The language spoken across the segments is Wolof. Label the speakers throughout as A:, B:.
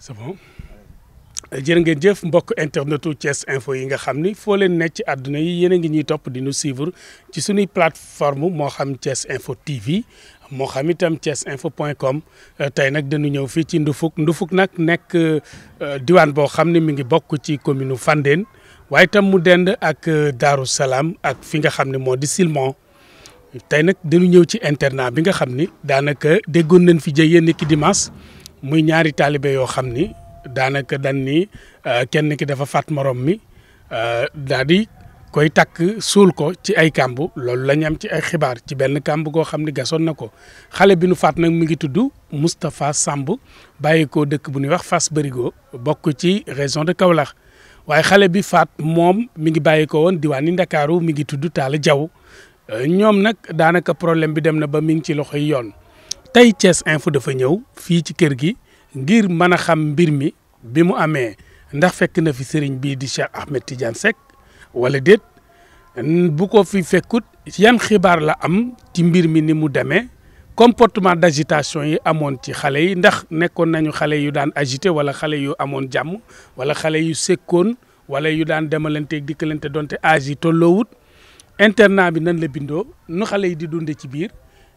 A: c'est bon ngeen jëf mbokk internetu Thiès info yi nga xam ni foo leen nekk ci àdduna yi yéen a ngi ñuy topp di ñu suivre ci suñuy plateforme moo xam Thiès info TV moo xam itam Thiès info point com tey nag dañu ñëw fii ci Ndufuk Ndufuk nag nekk euh, diwaan boo xam ne mi ngi bokk ci commune Fandène waaye itam mu dend ak euh, Daaru Salaam ak fi nga xam ne moo di Silmon tey nag dañu ñëw ci internat bi nga xam ni daanaka déggoon nañ fi jëyeen ni ki dimanche. muy ñaari taalibee yoo xam ni daanaka dan ni euh, kenn ki dafa faat morom mi euh, daal di koy takk suul ko ci ay kàmb loolu la am ci ay xibaar ci benn kàmb goo xam ni gasoon na ko xale bi nu faat nag mu ngi tudd Moustapha Samb bàyyi ko dëkk bu ñuy wax Fass Bërigo bokk ci région de Kaolack waaye xale bi faat moom mi ngi bàyyi ko woon diwaani Ndakaaru mi ngi tudd Talla Diaw euh, ñoom nag daanaka problème bi dem na ba mu ngi ci loxoy yoon. tey Thiès Info dafa ñëw fii ci kër gi ngir mën a xam mbir mi bi mu amee ndax fekk na fi sëriñ bii di Cheikh Ahmed Tidiane Seck wala déet bu ko fi fekkut yan xibaar la am ci mbir mi ni mu demee comportement d'agitation yi amoon ci xale yi ndax nekkoon nañu xale yu daan agité wala xale yu amoon jàmm wala xale yu sekkoon wala yu daan demalanteeg dikkalante donte âge yi tolloowut internat bi nan la bindoo nu xale yi di dunde ci biir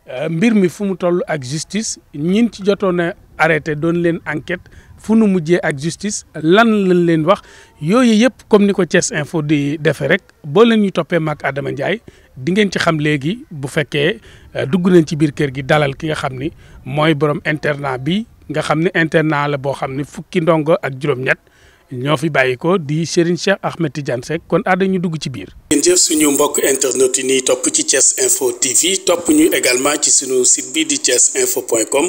A: Euh, mbir mi fu mu toll ak justice ñin ci jotoon a arrêté doon leen enquête fu nu mujjee ak justice lan lañ leen wax yooyu yëpp comme ni ko Thiès Info di defee rek boo leen ñu toppee mag Adama Ndiaye di ngeen ci xam léegi bu fekkee euh, dugg nañ ci biir kër gi dalal ki nga xam ni mooy borom internat bi nga xam ne internat la boo xam ni fukki ndongo ak juróom-ñett ñoo fi bàyyi ko di Serigne Cheikh Ahmed Tidiane Seck kon àdda ñu dugg ci biir. ngeen jëf suñu mbokk internet yi nii topp ci Thiès Info TV topp ñu également ci suñu site bi di thiesinfo.com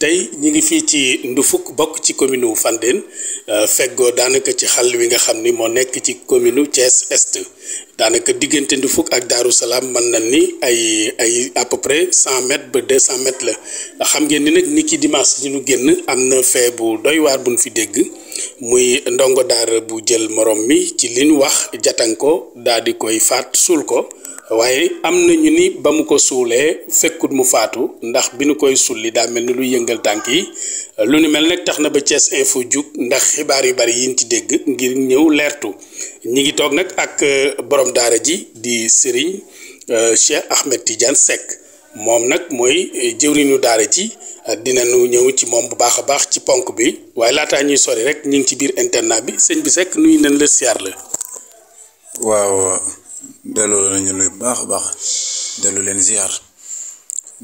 A: tey ñu ngi fii ci Ndufuk bokk ci commune wu Fandène euh, feggoo daanaka ci xàll wi nga xam ni moo nekk ci commune Thiès Est daanaka diggante Ndufuk ak Daaru Salaam mën na ni ay ay à peu près ba deux cent la xam ngeen ni nag ni ki dimaas si nu génn am na fee bu doy waar buñ fi dégg muy ndongo daara bu jël morom mi ci li ñu wax jatan ko daal di koy faat suul ko waaye am na ñu ni ba mu ko suulee fekkut mu faatu ndax bi nu koy li daa mel ni lu yëngal tànk yi lu ni mel nag tax na ba Thiès Info jug ndax xibaar yu bari yiñ ci dégg ngir ñëw leertu ñi ngi toog nag borom daara ji di Serigne euh, Cheikh Ahmed Tidiane sekk moom nag mooy euh, jëwriñu daara ji euh, dinañu ñëw ci moom bu baax a baax ci ponk bi waaye laataa ñuy sori rek ñu ngi ci biir internat bi sëñ bi Seck nuyu nañ la siyaar la.
B: waaw delloo nañu lu baax a baax dellu leen ziar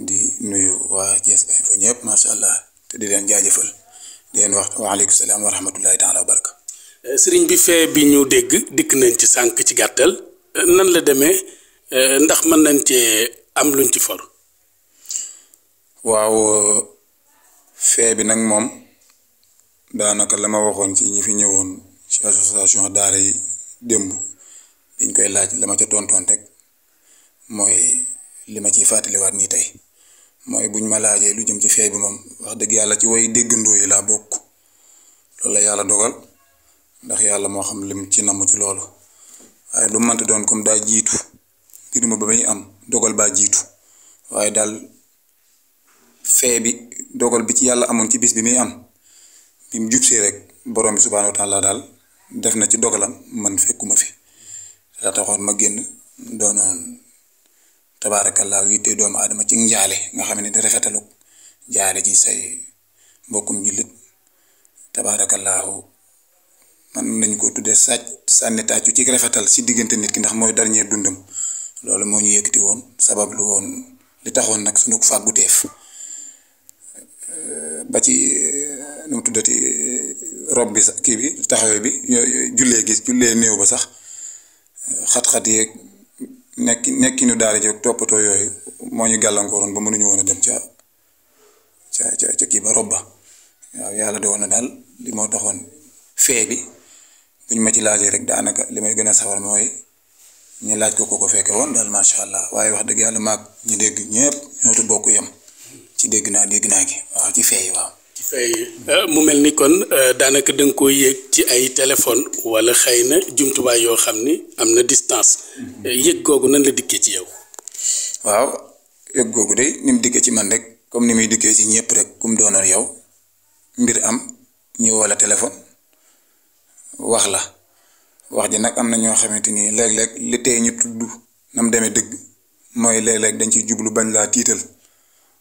B: di nuyu waa Thiès Info ñëpp macha allah te di leen jaajëfal di leen wax waaleykum
A: salaam wa rahmatullahi taala wa baraka. sëriñ bi fee bi ñu dégg dikk nañ ci sànq ci gàttal nan la demee euh, ndax mën nañ cee am luñ ci for.
B: waaw feebi nag moom daanaka la ma waxoon ci ñi fi ñëwoon ci association daara yi démb dañ koy laaj la ma ca tontoon rek mooy li ma ciy fàttaliwaat nii tey mooy buñ ma laajee lu jëm ci fee bi moom wax dëgg yàlla ci way déggandoo yi laa bokk loolu la yàlla dogal ndax yàlla moo xam lim ci namu ci loolu. waaye lu mënta doon comme daa jiitu mbir ma ba muy am dogal baa jiitu waaye daal feebi dogal bi ci yàlla amoon ci bis bi muy am bi mu jubsee rek borom bi subhaanahu wa taala daal def na ci dogalam man fekkuma fi daa taxoon ma génn doonoon tabaarakallaa wittee doomu adama ci njaale nga xam ne di rafetalu jaale ji say mbokkum jullit tabaarakallaahu man nañu ko tuddee sàcc sànni tàccu ci rafetal si diggante nit ki ndax mooy dernier dundam loolu moo ñu yëkkati woon sabab lu woon li taxoon nag sunu fàgguteef euh, ba ci euh, nu mu tuddati euh, rob bi sax kii bi taxawee bi jullee gis jullee néew ba sax xat-xat yeeg nekki nekkinu daara ji toppatoo yooyu moo ñu gàllankooroon ba mënuñu woon a dem ca ca ca kii ba rob ba waaw yàlla doon na daal li moo taxoon fee bi ñu ma ci laajee rek daanaka li may gën a sawar mooy ñu laaj ko ko ko fekke woon daal macha allah waaye wax dëgg yàlla maag ñu dégg ñëpp ñootu bokk yem ci dégg naa dégg naa gi waaw ci
A: euh, mel ni kon euh, daanaka da ci ay téléphone wala xëy na jumtuwaay yoo xam ni am na distance mm-hmm. euh, yëg googu nan la dikkee ci yow. waaw yëg de
B: ni mu ci man rek comme ni muy dikkee ci ñëpp rek kum doonoon yow mbir am ñu wala téléphone. wax la wax ji nag am na ñoo xamante ni léeg-léeg li tey ñu tudd na demee dëgg mooy léeg dañ ciy jublu bañ laa tiital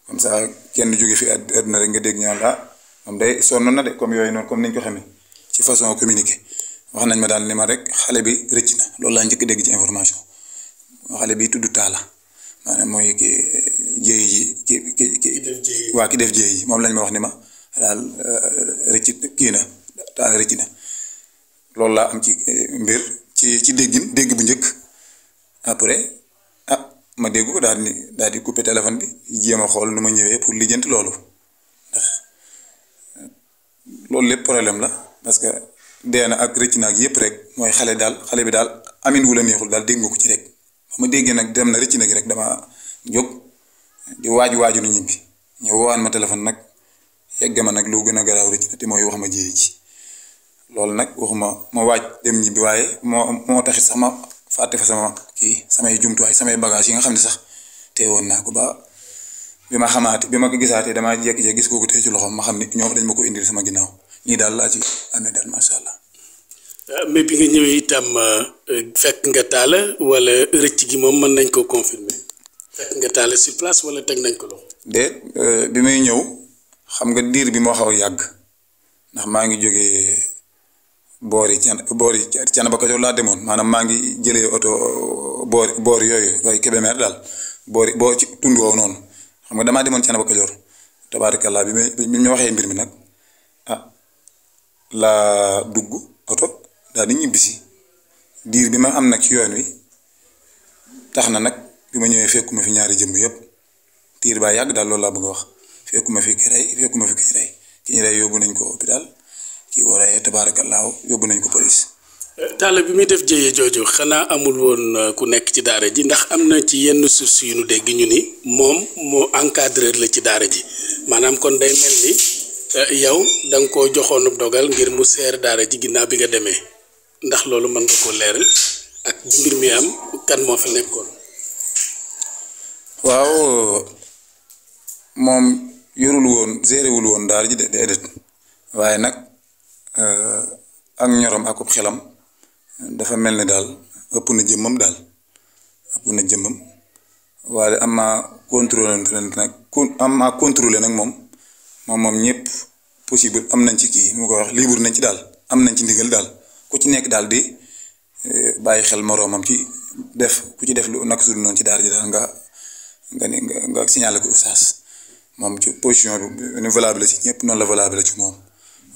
B: comme ça kenn jóge fi àdduna rek nga dégg ñaan la ah, moom day sonn na de comme yooyu noonu comme niñ ko xamee ci façon communiqué wax nañ ma daal ni ma rek xale bi rëcc na loolu laa njëkk dégg ci information xale bi tudd taala mooy ki ji ki ki ki waa ki def jéey moom lañ wax ni ma daal rëcc kii na taala na loolu laa am ci eh, mbir ci ci déggin dégg bu njëkk après ah ma dégg ko daal di daal di coupé téléphone bi jéem a xool nu ma ñëwee pour lijjant loolu ndax loolu lépp problème la parce que dee na ak rëcc naag yëpp rek mooy xale daal xale bi daal amin wu la neexul daal dégg nga ko ci rek ba ma déggee nag dem na rëcc na gi rek dama jóg di waaju waaju na ñibbi ñu woowaan ma téléphone nag yegg ma nag loo gën a garaaw rëcc na te mooy wax ma jéeri ji loolu nag waxuma ma waaj dem ñibbi waaye moo moo taxit sax ma fàtte fa sama kii samay jumtuwaay samay bagage yi nga xam ne sax te woon naa ko ba bi ma xamaate bi ma ko gisaatee damaa jékki-jékki kooku tey ci loxoom ma xam ne ñoom dañ ma ko indil sama ginnaaw ñii daal laa ci
A: amee daal euh, bi nga euh, nga taala wala rëcc gi mën nañ ko confirmer taala sur place wala teg nañ ko loxo.
B: de euh, bi may ñëw xam nga diir bi moo xaw yàgg ndax maa ngi jóge boori can boori Canaba Kajoor laa demoon maanaam maa ngi jëlee oto boori boori yooyu waaye Kébémer daal boori boo ci tund woowu noonu xam nga damaa demoon Canaba Kajoor tabaarakallaa bi bi ñu waxee mbir mi nag ah dugg oto daal di ñibbisi diir bi ma am nag ci yoon wi tax na nag bi ma ñëwee fekkuma fi ñaari jëm yëpp tiir baa yàgg daal loolu laa bëgg a wax fekkuma fi ki rey fekkuma fi ki rey ki ñu rey yóbbu nañ ko hôpital
A: ci war a tabaarakallaahu yóbbu nañ ko police. Talla bi muy def jëye jooju xanaa amul woon uh, ku nekk ci daara ji ndax am na ci yenn sources yu nu dégg ñu ni moom moo encadreur la ci daara ji maanaam kon day mel ni uh, yow da nga koo joxoon dogal ngir mu seer daara ji ginnaaw bi nga demee ndax loolu mën nga ko leeral ak mbir mi am kan moo fi nekkoon.
B: waaw moom yorul woon géréwul woon daara ji de déedéet waaye nag. Euh, ak ñorom akub xelam dafa mel ni daal ëpp na jëmmam daal ëpp na jëmmam waaye am naa contrôlé nag am naa contrôlé nag moom moom moom ñëpp possible am nañ ci kii nu ma ko wax libre nañ ci daal am nañ ci ndigal daal ku ci nekk daal di eh, bàyyi xel moroomam ci def ku ci def lu nak su dul noonu ci daal ji nga nga ni nga signalé ko oustaz moom ci position bi ni valable ci ñëpp noonu la valable ci moom.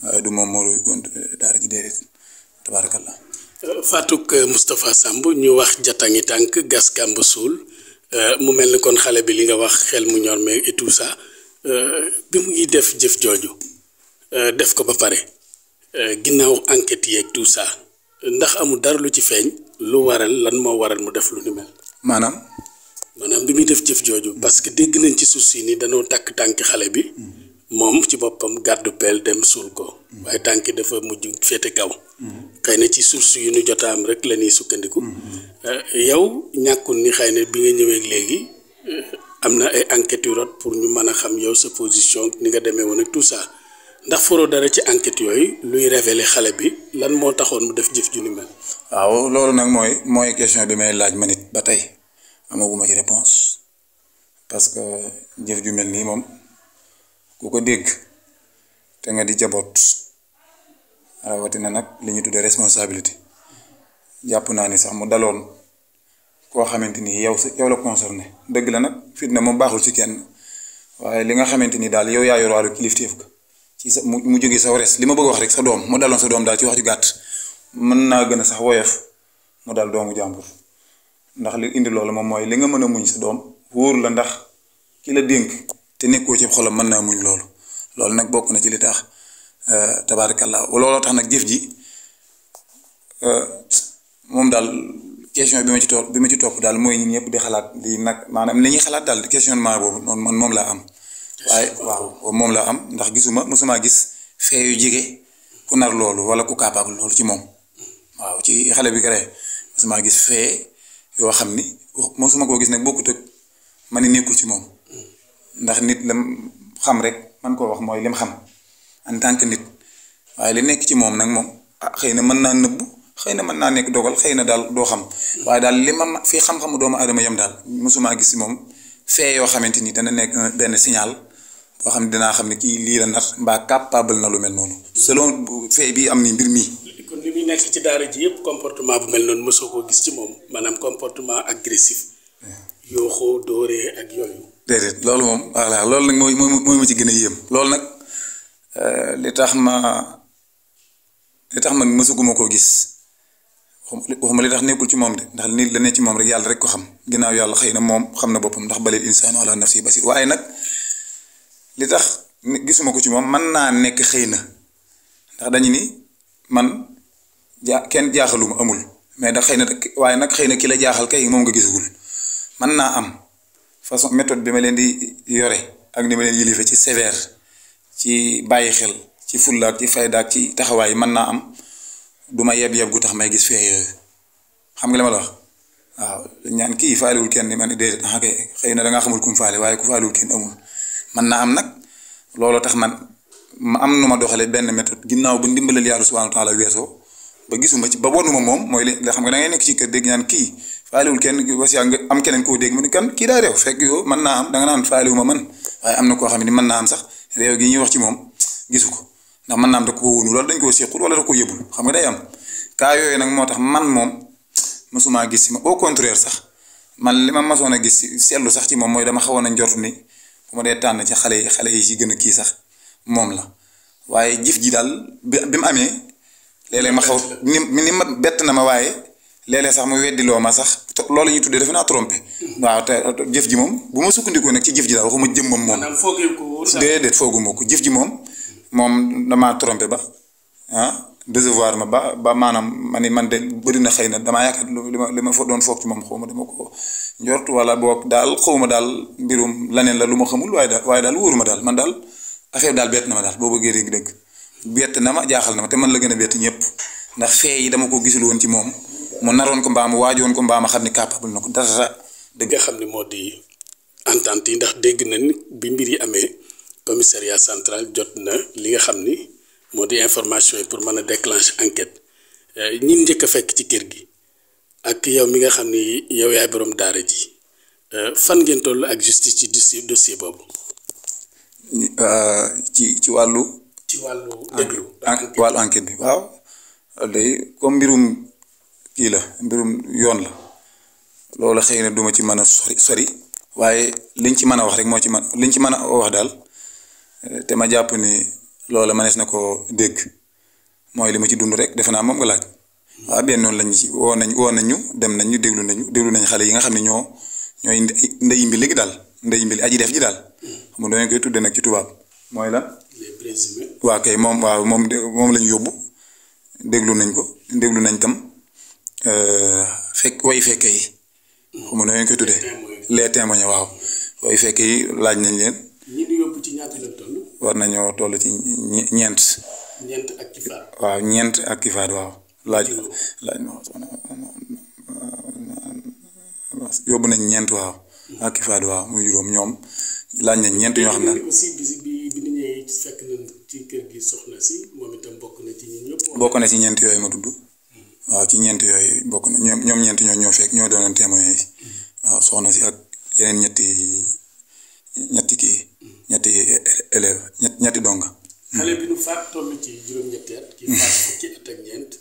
B: waaye du moom moo doon gont
A: daara ji déedéet tabaarakallah. Fatuk euh, Samb ñu wax jatangi tànk gas kàmb suul euh, mu mel ni kon xale bi li nga wax xel mu ñor mais et tout ça euh, bi mu ngi def jëf jooju def ko ba pare ginnaaw enquête yeeg tout ndax amul dara lu ci feeñ lu waral lan moo waral mu def lu ni mel. maanaam. maanaam bi muy def jëf jooju parce que dégg nañ ci suuf si ni danoo takk tànki xale bi. Mm-hmm. moom ci boppam gàddu pel dem suul ko waaye tànki dafa mujj féete kaw xëy na ci source yu nu jotaam rek la ñuy sukkandiku euh, yow ñàkku ni xëy na bi nga ñëwee léegi euh, am na ay enquêtes yu rot pour ñu mën a xam yow sa position ni nga demee woon tout ça ndax foro dara ci enquête yooyu luy révéler xale bi lan moo taxoon mu def jëf ju ni
B: waaw loolu nag mooy mooy question bi may laaj ma nit ba tey amaguma ci réponse parce que jëf ju mel nii moom ku dégg te nga di jaboot rawatina nag li ñu tuddee responsabilité jàpp naa ni sax mu daloon koo xamante ni yow sa yow la concerné dëgg la nag fitna mu baaxul ci kenn waaye li nga xamante ni daal yow yaa yor wàllu kilifteef ko ci sa mu mu jógee saw li ma bëgg wax rek sa doom mu daloon sa doom daal ci wax ju gàtt mën naa gën a sax woyof mu dal doomu jàmbur ndax li indi loolu moom mooy li nga mën a muñ sa doom wóor la ndax ki la dénk. te nekkoo ci xolam mën naa muñ loolu loolu nag bokk na ci li tax euh, tabaarakallaa looloo tax nag jëf ji euh, moom daal question bi ma ci topp bi ma ci topp daal mooy ñun ñëpp di xalaat di nag maanaam li ñuy xalaat daal questionnement boobu noonu man moom laa am. waaye waaw moom laa am ndax gisuma mosuma gis fee yu jege ku nar loolu wala ku capable loolu ci moom waaw ci xale bi kare mosuma gis fee yoo xam ni suma koo gis nag bokkut ak ma ni nekkul ci moom. ndax nit la xam rek man koo wax mooy lim xam en tant que nit waaye li nekk ci moom nag moom ah xëy na mën naa nëbbu xëy na mën naa nekk dogal xëy na daal doo xam waaye daal li ma fii xam-xamu doomu aadama yam daal mosuma gis moom fee yoo xamante ni dana nekk benn signal boo xam ne dinaa xam ne kii lii la mbaa capable na lu mel noonu selon
A: fee bii am ni mbir mi. kon li muy nekk ci daara ji yëpp comportement bu mel noonu mosoo koo gis ci moom maanaam comportement agressif. yoo xoo dooree ak yooyu.
B: déedéet loolu moom loolu nag mooy mooy ma ci gën a yéem loolu nag euh, li tax ma li tax man mësuguma koo gis waxuma li tax nekkul ci moom de ndax nit la ne ci moom rek yàlla rek ko xam ginnaaw yàlla xëy na moom xam na boppam ndax balil insaanu ala nafsi basir waaye nag li tax gisuma ko ci moom man naa nekk xëy na ndax dañu ni man ja kenn jaaxaluma amul mais da xëy na waaye nag xëy na ki la jaaxal kay moom nga gisagul man naa am. façon méthode bi ma leen di yore ak ni ma leen yilife ci sévère ci bàyyi xel ci fullaak ci faydaak ci taxawaay mën naa am du ma yeb yeb gu tax may gis fee yooyu xam nga li ma la wax waaw ñaan kii faaliwul kenn ma ne déedéet ah xëy na da ngaa xamul kum faale waaye ku faaliwul kenn amul mën naa am nag looloo tax man ma am nu ma doxalee benn méthode ginnaaw bu ndimbalal yàlla subhanahu wa taala weesoo ba gisuma ci ba wonuma moom mooy li xam nga da ngay nekk ci kër dégg ñaan kii. faaliwul kenn bas yaa nga am keneen koo dégg mu ne kan kii daa réew fekk yow mën naa am da nga naan am na koo xam ne mën naa sax réew gi ñuy wax ci moom gisu ko ndax mën naa am da koo wóolu loolu dañ koo séqul wala da koo yëbul xam nga day am kaa yooyu nag moo tax man moom mosuma gis si ma au contraire sax man li ma masoon a gis seetlu sax ci moom mooy dama xawoon a njort ni bu ma dee tànn ci xale yi xale yi ci gën a kii sax moom la waaye jëf ji daal bi bi mu amee léeg-léeg ma xaw ni ma bett na ma waaye léeg-léeg sax mu weddiloo ma sax loolu ñuy tuddee defe naa trompé waaw te jëf ji moom bu ma sukkandikoo nag ci jëf ji daal waxuma jëmmam moom déedéet fooguma ko jëf ji moom moom damaa trompé ba ah ma ba ba maanaam ma ni man de bëri na xëy na damaa yaakaar li ma li ma fa doon foog moom xaw ma dama ko njort wala boog daal xaw ma daal mbirum laneen la lu ma xamul waaye daal waaye daal wóoruma daal man daal affaire daal bett na ma daal boo bëggee dégg-dégg bett na ma jaaxal na ma te man la gën a bett ñëpp ndax fee yi dama ko gisul woon ci moom mu naroon ko mbaa waajoon ko mbaa a xam ne capable na ko dara
A: dëgg nga xam ne moo di entente yi ndax dégg nañ bi mbir yi amee commissariat centrale jot na li nga xam ni moo di information yi pour mën a déclencher enquête euh, ñin njëkk a fekk ci kër gi ak yow mi nga xam ni yow yaay borom daara ji euh, fan ngeen toll ak justice ci dossier boobu. Euh, ci ci wàllu. ci wàllu déglu wàllu
B: enquête bi waaw. day comme mbirum kii la mbirum yoon la loolu xëy na duma ci mën a sori sori waaye liñ ci mën a wax rek moo ci man liñ ci mën a wax daal eh, te ma jàpp ni loola mënees na ko dégg mooy li ma ci dund rek defe naa moom nga laaj waaw benn lañ ci woo nañ woo nañ ñu dem nañ ñu déglu nañu déglu nañ xale yi nga xam ne ñoo ñooy ndey mbi léegi daal ndey mbi aji def ji daal xam nga doo koy tuddee nag ci tubaab mooy la. waa kay moom waaw moom moom lañ yóbbu déglu nañ ko déglu nañ tam. Euh, fekk way fekke yi. xaw ma nu ngeen tudde tuddee. les témoins waaw. way fekke yi laaj nañ leen. ñi war nañoo toll ci ñeent. ñeent ak waaw ñeent ak kifaar waaw. laaj laaj
A: yóbbu nañ ñeent
B: waaw. ak kifaar waaw muy juróom ñoom laaj nañ ñeent ñoo xam ne.
A: aussi kër gi soxna si moom itam bokk na ci ñun ñeent
B: yooyu ma tudd. waaw ci ñeent yooyu bokk na ñoom ñeent ñoo ñoo fekk ñoo doonoon témoin yi waaw soxna si ak yeneen ñetti ñetti kii ñetti élève ñetti dong.
A: xale bi nu faat toll ci juróom-ñetti at. kii faat fukki at ak ñeent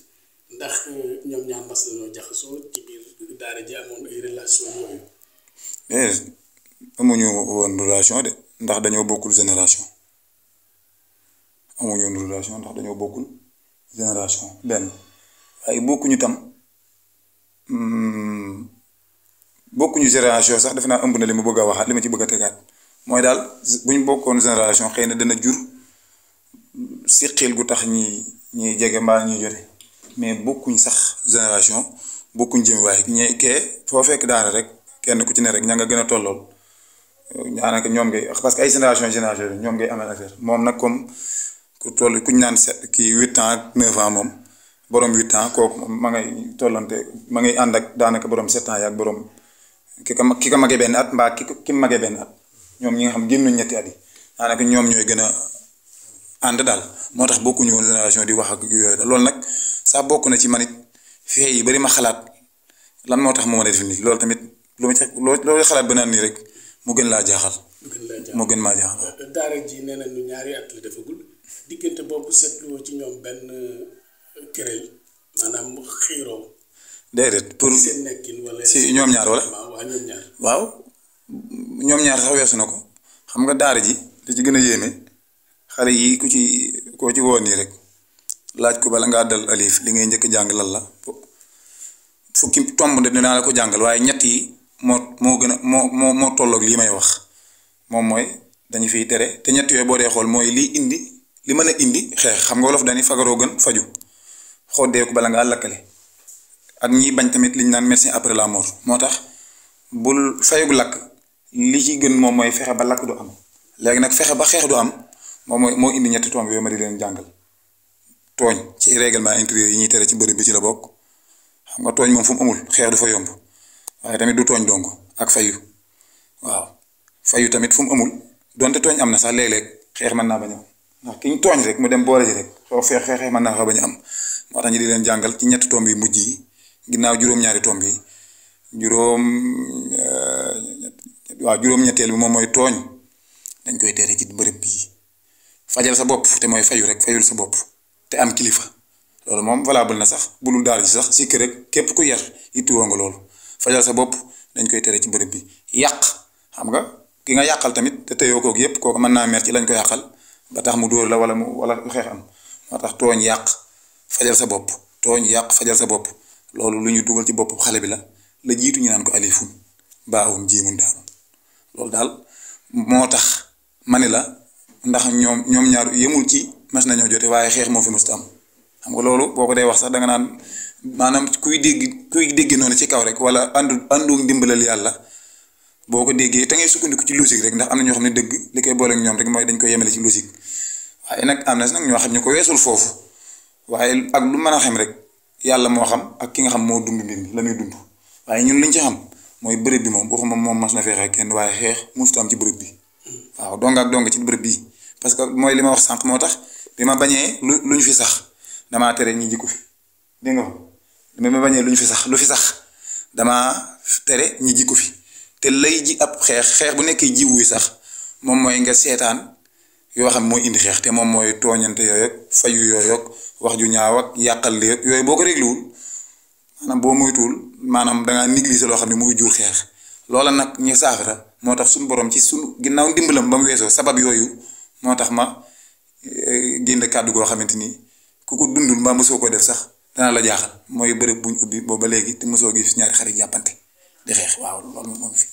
A: ndax eh, ñoom ñaar mas nañoo jaxasoo ci biir daara ji amoon ay relation yooyu.
B: mais eh, amuñu woon relation de ndax dañoo bokkul génération amuñu woon relation ndax dañoo bokkul génération benn. ay bokkuñu tam hmm, bokkuñu génération sax def naa ëmb na li mu bëgg a waxaat li ma ci bëgg a tegaat mooy daal buñ bokkoon génération xëy na dana jur siqil gu tax ñi ñiy jege mbaa ñuy mais bokkuñ sax génération bokkuñ jëm waaye ñe kee foo fekk rek kenn ku ci ne rek ña nga gën a tollool daanaka ñoom ngay parce que ay génération génération ñoom ngay amal moom nag comme ku toll kuñ naan set kii huit ans ak neuf moom borom huit ans kooku ma ngay tollante ma ngay ànd ak daanaka boroom sept ans yaag borom ki ko ki ko magee benn at mbaa ki ki magee benn at ñoom ñi nga xam génnuñ ñetti at ñoom ñooy gën a ànd moo tax bokkuñu woon génération di wax ak yooyu loolu nag saa bokk na ci man it fee yi ma xalaat lan moo tax mu a def nii loolu tamit lu ma ca loolu xalaat ba naan nii rek mu gën laa jaaxal.
A: mu gën laa maa jaaxal. këréy maanaam pour seen si ñoom ñaar wala waa
B: waaw ñoom ñaar sax na ko xam nga daara ji li ci gën a yéeme xale yi ku ci koo ci woon nii rek laaj ko bala ngaa dal alif li ngay njëkk jàng lan la fukki tomb de dinaa la ko jàngal waaye ñett yi moo moo gën a moo moo moo tolloog lii may wax moom mooy dañu fiy tere te ñett yooyu boo dee xool mooy lii indi li mën a indi xeex xam nga wolof dañuy fagaroo gën faju xoddeeku bala ngaa lakkale ak ñiy bañ tamit liñ naan médecin après la mort moo tax bul fayug lakk li ci gën moom mooy fexe ba lakk du am léegi nag fexe ba xeex du am moom mooy moo indi ñetti tomb yooyu ma di jàngal tooñ ci règlement intérieur yi ñuy tere ci bërëb bi ci la bokk xam nga tooñ moom fu mu amul xeex du fa yomb waaye tamit du tooñ dong ak fayu waaw fayu tamit fu mu amul donte tooñ am na sax léeg-léeg xeex man naa bañ a am ndax ki ñu tooñ rek mu dem boole ji rek soo feex xeexee mën naa bañ am moo tax ñu di leen jàngal ci ñetti tomb yi mujj yi ginnaaw juróom-ñaari tomb yi juróom eh, waaw juróom-ñetteel bi moom mooy tooñ dañ koy tere ci bërëb bii fajal sa bopp te mooy fayu rek fayul sa bopp te am kilifa loolu moom valable na sax bulul daal ji sax sikk rek képp ku yar ittuwoo nga loolu fajal sa bopp dañ koy tere ci bërëb bi yàq xam nga ki nga yàqal tamit te teyoo koog yëpp kooku mën naa mer ci lañ ko yàqal ba tax mu dóor la wala mu wala xeex am moo tax tooñ yàq. fajal sa bopp tooñ yàq fajal sa bopp loolu lu ñu dugal ci bopp xale bi la la jiitu ñu naan ko alifun baawun jiimun daal loolu daal moo tax ma ne la ndax ñoom ñoom ñaar yemul ci mas nañoo jote waaye xeex moo fi mosut am xam nga loolu boo ko dee wax sax danga naan maanaam kuy dégg kuy dégg noonu ci kaw rek wala àndu àndoog ndimbalal yàlla boo ko déggee te ngay sukkandiku ci logique rek ndax am na ñoo xam ne dëgg li koy booleeg ñoom rek mooy dañ ko yemale ci logique waaye nag am na ñoo xam ñu ko weesul foofu. waaye ak lu mën a xem rek yàlla moo xam ak ki nga xam moo dund mbir mi la muy dund waaye ñun liñ ci xam mooy bërëb bi moom waxuma moom mas na fee kenn waaye xeex mosut am ci bërëb bi waaw dong ak dong ci bërëb bii parce que mooy li ma wax sànq moo tax bi ma bañee lu ñu fi sax damaa tere ñi jikko fi dégg nga bi ma bañee luñ fi sax lu fi sax damaa tere ñi jikko fi te lay ji ab xeex xeex bu nekkee jiw wi sax moom mooy nga seetaan. yoo xam mooy indi xeex te moom mooy tooñante yooyu ak fayu yooyu wax ju ñaaw ak yàqal léeg yooyu boo ko régluwul maanaam boo moytuwul maanaam da ngaa loo xam ne mooy jur xeex loola nag ñu saafara moo tax suñu boroom ci suñu ginnaaw ndimbalam ba mu weesoo sabab yooyu moo tax ma eh, génn kàddu goo xamante ni ku ko dundul maa mosoo ko def sax danaa la jaaxal mooy bërëb buñ ubbi booba léegi te mosoo gis ñaari xarit jàppante di xeex waaw loolu moom fi.